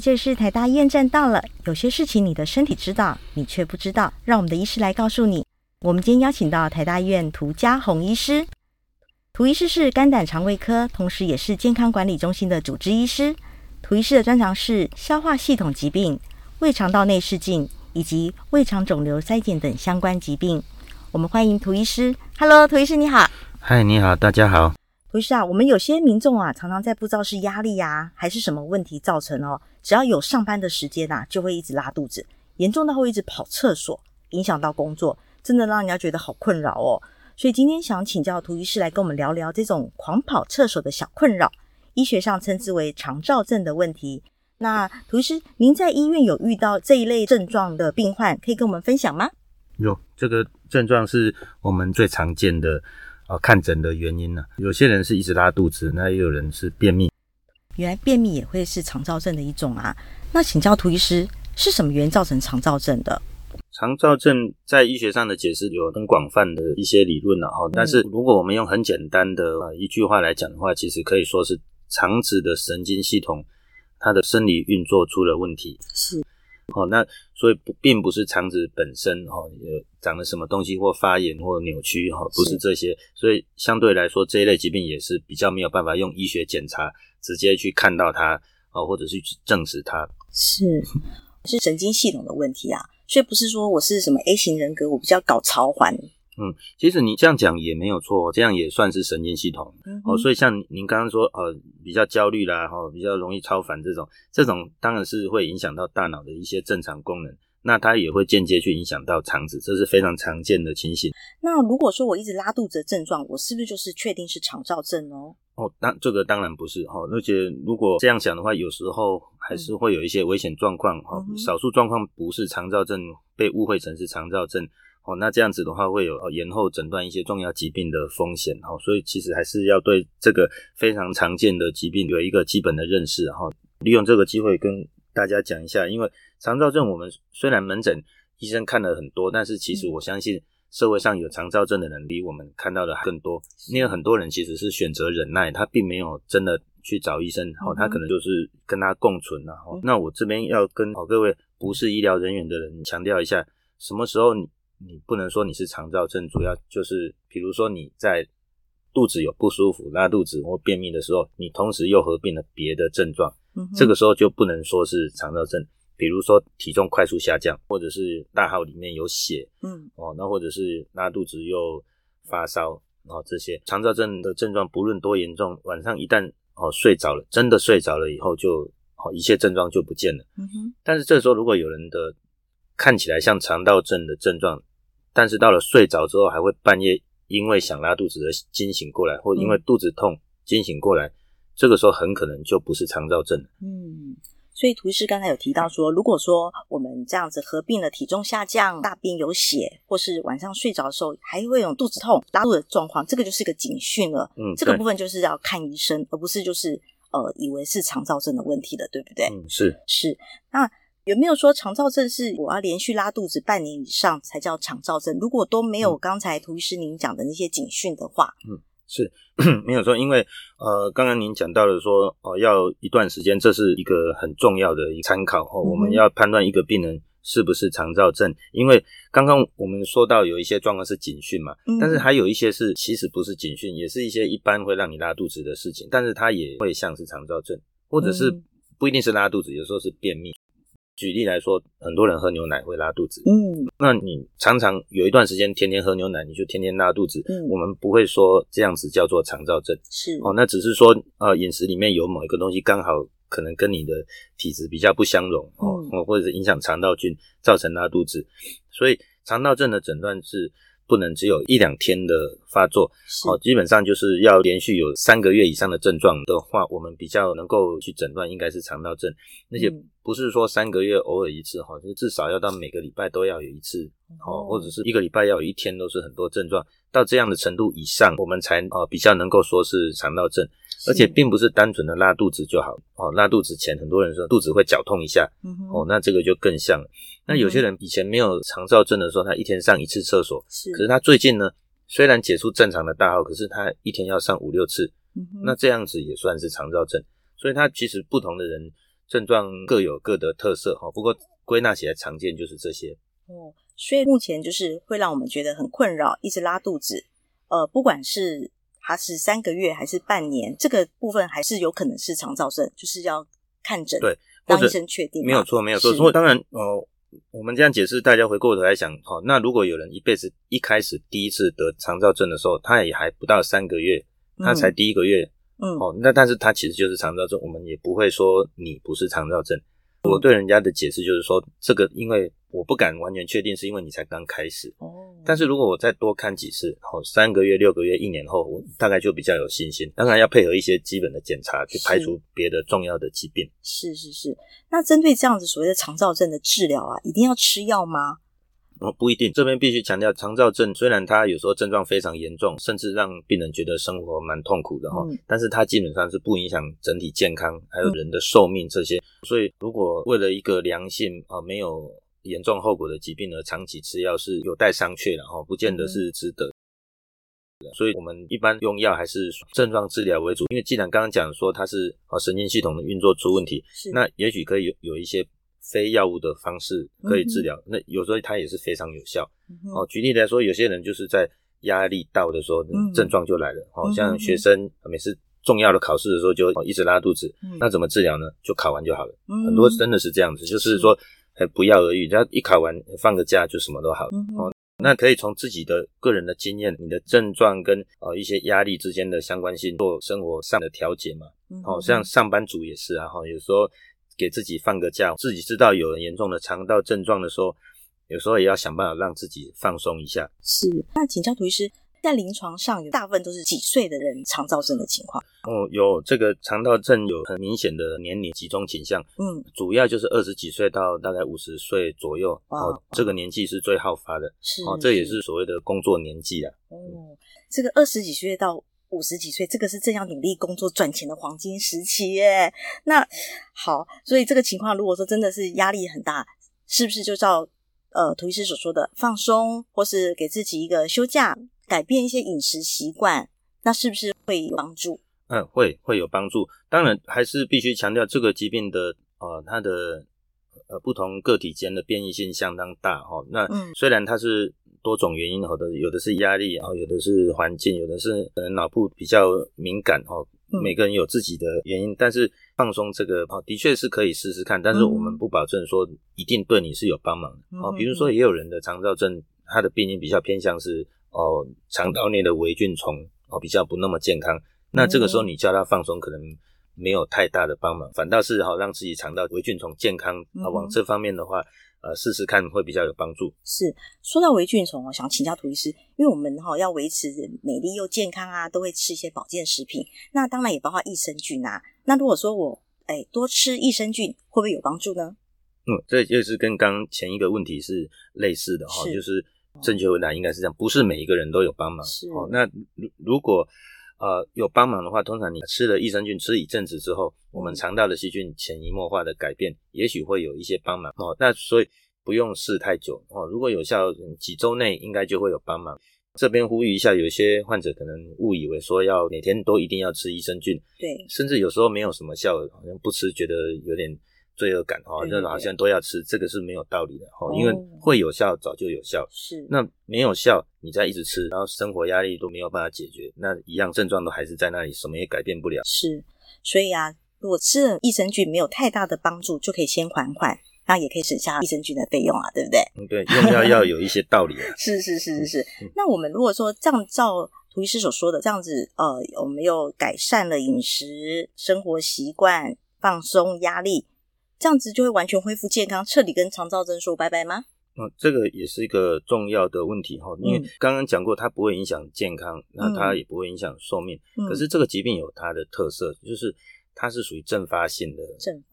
這是台大醫院站到了。有些事情你的身體知道，你卻不知道，讓我們的醫師來告訴你。我們今天邀請到台大醫院凃佳宏醫師，涂醫師是肝膽腸胃科，同時也是健康管理中心的主治醫師。涂醫師的專長是消化系統疾病、胃腸道內視鏡以及胃腸腫瘤篩檢等相關疾病。我們歡迎涂醫師。Hello，涂醫師你好。嗨，你好，大家好。不是啊，我們有些民眾啊，常常在不知道是壓力呀、啊，還是什麼問題造成哦。只要有上班的時間吶、啊，就會一直拉肚子，嚴重到會一直跑廁所，影響到工作，真的讓人家覺得好困擾哦。所以今天想請教凃醫師來跟我們聊聊這種狂跑廁所的小困擾，醫學上稱之為腸躁症的問題。那凃醫師，您在醫院有遇到這一類症狀的病患，可以跟我們分享嗎？有，這個症狀是我們最常見的。啊、哦，看診的原因呢、啊？有些人是一直拉肚子，那也有人是便秘。原來便秘也會是腸躁症的一種啊？那請教凃醫師，是什麼原因造成腸躁症的？腸躁症在醫學上的解釋有更廣泛的一些理論了、啊、哈。但是如果我們用很簡單的、啊、一句話來講的話，其實可以說是腸子的神經系統它的生理運作出了問題。是。哦，那所以不並不是腸子本身哦，長了什麼東西或發炎或扭曲哈、哦，不是這些，是所以相對來說，這一類疾病也是比較沒有辦法用醫學檢查直接去看到它哦，或者是去證實它。是，是神經系統的問題啊，所以不是說我是什麼 A 型人格，我比較搞潮環。嗯，其實你這樣講也沒有錯，這樣也算是神經系統、嗯、哼哦。所以像您剛剛說，呃，比較焦慮啦，哈、哦，比較容易操煩這種，這種當然是會影響到大腦的一些正常功能，那它也會間接去影響到腸子，這是非常常見的情形。那如果說我一直拉肚子的症狀，我是不是就是確定是腸躁症哦？哦，那這個當然不是哦。而且如果這樣想的話，有時候還是會有一些危險狀況哈、嗯哼哦。少數狀況不是腸躁症，被誤會成是腸躁症。哦，那這樣子的話會有延後診斷一些重要疾病的風險哦，所以其實還是要對這個非常常見的疾病有一個基本的認識。哦。然後利用這個機會跟大家講一下，因為腸躁症我們雖然門診醫生看了很多，但是其實我相信社會上有腸躁症的人比我們看到的還更多，因為很多人其實是選擇忍耐，他並沒有真的去找醫生，哦，他可能就是跟他共存了。哦嗯、那我這邊要跟、哦、各位不是醫療人員的人強調一下，什麼時候你？你不能說你是腸躁症，主要就是比如說你在肚子有不舒服、拉肚子或便秘的時候，你同時又合併了別的症狀，嗯、哼這個時候就不能說是腸躁症。比如說體重快速下降，或者是大號裡面有血，嗯、哦，那或者是拉肚子又發燒哦，這些腸躁症的症狀不論多嚴重，晚上一旦哦睡着了，真的睡着了以後就哦一切症狀就不見了。嗯、哼但是這個時候如果有人的看起來像腸躁症的症狀，但是到了睡着之後，還會半夜因為想拉肚子而驚醒過來，或因為肚子痛驚醒過來，嗯、這個時候很可能就不是腸躁症了。嗯，所以凃醫師剛才有提到說，如果說我們這樣子合併了體重下降、大便有血，或是晚上睡着的時候還會有肚子痛、拉肚子的狀況，這個就是個警訊了。嗯，這個部分就是要看醫生，而不是就是呃以為是腸躁症的問題的，對不對？嗯，是是那。有沒有說腸躁症是我要連續拉肚子半年以上才叫腸躁症？如果都沒有剛才凃醫師您講的那些警訊的話，嗯，是沒有說，因為呃，剛剛您講到了說哦、呃，要一段時間，這是一個很重要的一個參考哦。嗯、我們要判斷一個病人是不是腸躁症，因為剛剛我們說到有一些狀況是警訊嘛，嗯、但是還有一些是其實不是警訊，也是一些一般會讓你拉肚子的事情，但是它也會像是腸躁症，或者是不一定是拉肚子，有時候是便秘。舉例來說，很多人喝牛奶會拉肚子。嗯，那你常常有一段時間天天喝牛奶，你就天天拉肚子。嗯、我們不會說這樣子叫做腸躁症，是哦。那只是說，呃，飲食裡面有某一個東西，剛好可能跟你的體質比較不相容哦，嗯、或者是影響腸道菌，造成拉肚子。所以，腸躁症的診斷是，不能只有一兩天的發作，是哦，基本上就是要連續有三個月以上的症狀的話，我們比較能夠去診斷應該是腸躁症。那些、嗯、不是說三個月偶爾一次哈、哦，就至少要到每個禮拜都要有一次，哦，嗯、或者是一個禮拜要有一天都是很多症狀，到這樣的程度以上，我們才哦比較能夠說是腸躁症，是而且並不是單純的拉肚子就好哦，拉肚子前很多人說肚子會絞痛一下，嗯、哼哦，那這個就更像。那有些人以前沒有腸躁症的時候，他一天上一次廁所，是。可是他最近呢，雖然解除正常的大號，可是他一天要上五六次，嗯、哼那這樣子也算是腸躁症。所以他其實不同的人症狀各有各的特色哈、哦。不過歸納起來，常見就是這些。哦、嗯，所以目前就是會讓我們覺得很困擾，一直拉肚子，呃，不管是他是三個月還是半年，這個部分還是有可能是腸躁症，就是要看診，對，當醫生確定沒錯。沒有錯，沒有錯。所以當然，呃我們這樣解釋，大家回過頭來想，好、哦，那如果有人一輩子一開始第一次得腸躁症的時候，他也還不到三個月，他才第一個月，嗯嗯、哦，那但是他其實就是腸躁症，我們也不會說你不是腸躁症。我對人家的解釋就是說，這個因為我不敢完全確定，是因為你才剛開始。哦、嗯，但是如果我再多看幾次，然後三個月、六個月、一年後，我大概就比較有信心。當然要配合一些基本的檢查，去排除別的重要的疾病。是，是是是，那針對這樣子所謂的腸躁症的治療啊，一定要吃藥嗎？哦、嗯，不一定，這邊必須強調，腸躁症雖然它有時候症狀非常嚴重，甚至讓病人覺得生活蠻痛苦的哈，嗯、但是它基本上是不影響整體健康，還有人的壽命這些。嗯、所以，如果為了一個良性啊、哦、沒有嚴重後果的疾病而長期吃藥，是有待商榷的哈，不見得是值得，嗯、所以我們一般用藥還是症狀治療為主，因為既然剛剛講說它是啊神經系統的運作出問題，是那也許可以有有一些。非藥物的方式可以治療，嗯、哼那有時候它也是非常有效。嗯、哼哦，舉例來說，有些人就是在壓力到的時候，嗯、哼症狀就來了。好、哦嗯、哼像學生每次重要的考試的時候就，就、哦、一直拉肚子。嗯、哼那怎麼治療呢？就考完就好了。嗯、哼很多真的是這樣子，嗯、哼就是說不藥而愈，只要一考完放個假就什麼都好了。嗯、哼哦，那可以從自己的個人的經驗，你的症狀跟呃、哦、一些壓力之間的相關性做生活上的調節嘛。嗯、哼哦，像上班族也是啊，哈、哦，有時候。給自己放個假，自己知道有了嚴重的腸道症狀的時候，有時候也要想辦法讓自己放鬆一下。是，那請教凃醫師，在臨床上，有大部分都是幾歲的人腸躁症的情況？哦，有，這個腸躁症有很明顯的年齡集中傾向。嗯，主要就是二十幾歲到大概五十歲左右，哇哦，這個年紀是最好發的。是、哦，這也是所謂的工作年紀啊。哦、嗯，嗯、這個二十幾歲到。五十幾歲，這個是正要努力工作賺錢的黃金時期耶。那好，所以這個情況，如果說真的是壓力很大，是不是就照呃凃醫師所說的放鬆，或是給自己一個休假，改變一些飲食習慣，那是不是會有幫助？嗯、呃，會會有幫助。當然，還是必須強調這個疾病的呃，它的呃不同個體間的變異性相當大哈、哦。那、嗯、雖然它是。多種原因，有的有的是壓力，然後有的是環境，有的是可能腦部比較敏感哦。每個人有自己的原因，但是放鬆這個，的確是可以試試看。但是我們不保證說一定對你是有幫忙的。哦，比如說也有人的腸躁症，他的病因比較偏向是哦腸道內的微菌叢哦比較不那麼健康。那這個時候你叫他放鬆，可能沒有太大的幫忙，反倒是好讓自己腸道微菌叢健康，往這方面的話。呃，試試看會比較有幫助。是，說到微菌叢，我想請教凃醫師，因為我們哈、哦、要維持美麗又健康啊，都會吃一些保健食品，那當然也包括益生菌啊。那如果說我誒多吃益生菌會不會有幫助呢？嗯，這就是跟剛前一個問題是類似的哈、哦，是就是正確回答應該是這樣，不是每一個人都有幫忙。是、哦，那如如果。呃，有幫忙的話，通常你吃了益生菌，吃一陣子之後，我們腸道的細菌潛移默化的改變，也許會有一些幫忙哦。那所以不用試太久哦，如果有效，幾周內應該就會有幫忙。這邊呼籲一下，有些患者可能誤以為說要每天都一定要吃益生菌，對，甚至有時候沒有什麼效，好像不吃覺得有點。罪惡感，哦，對對對這好像都要吃，這個是沒有道理的，哈、哦，因為會有效、哦、早就有效，是，那沒有效，你再一直吃，然後生活壓力都沒有辦法解決，那一樣症狀都還是在那裡，什麼也改變不了。是，所以啊，如果吃了益生菌沒有太大的幫助，就可以先緩緩，然後也可以省下益生菌的費用啊，對不對？嗯，對，用藥要有一些道理、啊。 是是是是是。嗯、那我們如果說這樣照凃醫師所說的這樣子，呃，我們又改善了飲食、生活習慣、放鬆壓力。這樣子就會完全恢復健康，徹底跟腸躁症說拜拜嗎？嗯，這個也是一個重要的問題哈，因為剛剛講過，它不會影響健康，嗯、那它也不會影響壽命。嗯、可是這個疾病有它的特色，就是它是屬於陣發性的，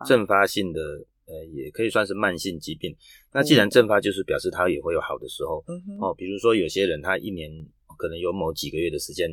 陣發性的，呃，也可以算是慢性疾病。嗯、那既然陣發，就是表示它也會有好的時候哦。嗯、哼比如說有些人，他一年可能有某幾個月的時間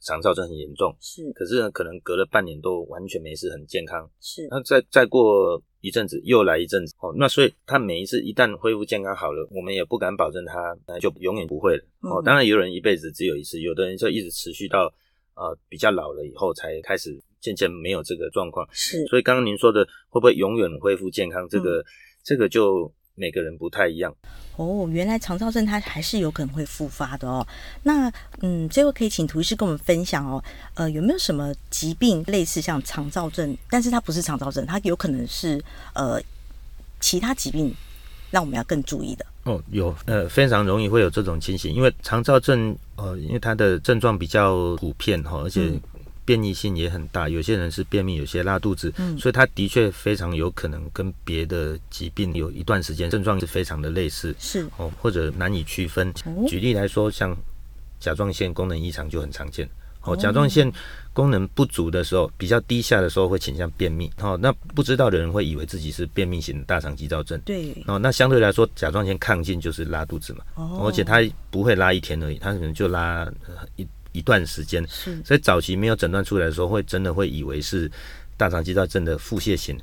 腸躁症很嚴重，是，可是呢，可能隔了半年都完全沒事，很健康。是，那再再過。一陣子又來一陣子哦，那所以他每一次一旦恢復健康好了，我們也不敢保證他就永遠不會了哦。當然也有人一輩子只有一次，有的人就一直持續到呃比較老了以後才開始漸漸沒有這個狀況。是，所以剛剛您說的會不會永遠恢復健康，這個、嗯、這個就。每個人不太一樣哦，原來腸躁症它還是有可能會復發的哦。那嗯，最後可以請凃醫師跟我們分享哦，呃，有沒有什麼疾病類似像腸躁症，但是它不是腸躁症，它有可能是呃其他疾病，讓我們要更注意的。哦，有呃，非常容易會有這種情形，因為腸躁症呃，因為它的症狀比較普遍哈，而且，嗯。變異性也很大，有些人是便秘，有些拉肚子，嗯、所以他的確非常有可能跟別的疾病有一段時間症狀是非常的類似，是哦，或者難以區分。舉例來說，像甲狀腺功能異常就很常見。哦，甲狀腺功能不足的時候，比較低下的時候會傾向便秘。哦，那不知道的人會以為自己是便秘型的大腸急躁症。對。哦，那相對來說，甲狀腺亢進就是拉肚子嘛，哦哦、而且他不會拉一天而已，他可能就拉、呃、一。一段時間，所以早期沒有診斷出來的時候，會真的會以為是大腸激躁症的腹瀉型。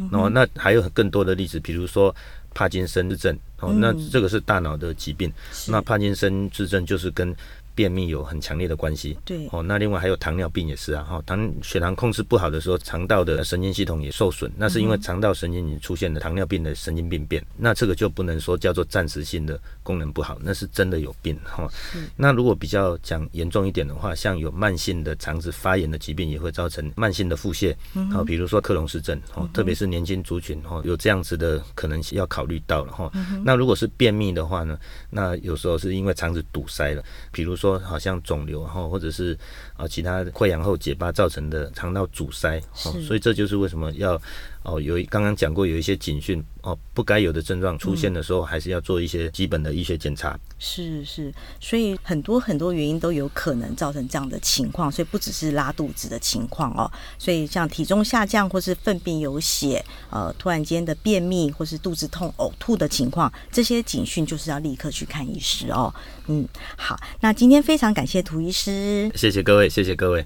嗯、哼然後那還有更多的例子，比如說帕金森之症，嗯、哼哦，那這個是大腦的疾病。嗯、哼那帕金森之症就是跟便祕有很強烈的關係，對哦，那另外還有糖尿病也是啊哈，糖血糖控制不好的時候，腸道的神經系統也受損，那是因為腸道神經已經出現了糖尿病的神經病變，嗯、哼那這個就不能說叫做暫時性的功能不好，那是真的有病哈。哦、是那如果比較講嚴重一點的話，像有慢性的腸子發炎的疾病也會造成慢性的腹瀉，好、嗯哼，比如說克隆氏症，哦嗯、哼特別是年輕族群哈、哦，有這樣子的可能性要考慮到了哈。哦嗯、哼那如果是便祕的話呢，那有時候是因為腸子堵塞了，比如說。說好像腫瘤，然後或者是啊其他潰瘍後結疤造成的腸道阻塞，是所以這就是為什麼要。哦，有剛剛講過有一些警訊哦，不該有的症狀出現的時候，嗯、還是要做一些基本的醫學檢查。是是，所以很多很多原因都有可能造成這樣的情況，所以不只是拉肚子的情況哦，所以像體重下降或是糞便有血，呃，突然間的便秘或是肚子痛、嘔吐的情況，這些警訊就是要立刻去看醫師哦。嗯，好，那今天非常感謝凃醫師，謝謝各位，謝謝各位，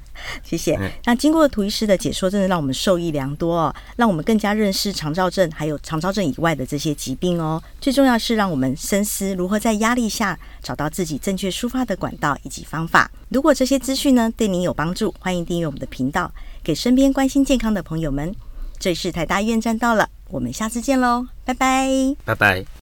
謝謝。嗯、那經過凃醫師的解說，真的讓我們受益良多，哦，讓我們。更加認識腸躁症，還有腸躁症以外的這些疾病哦。最重要是讓我們深思如何在壓力下找到自己正確抒發的管道以及方法。如果這些資訊呢，對您有幫助，歡迎訂閱我們的頻道，給身邊關心健康的朋友們。這裡是台大醫院站到了，我們下次見嘍，拜拜，拜拜。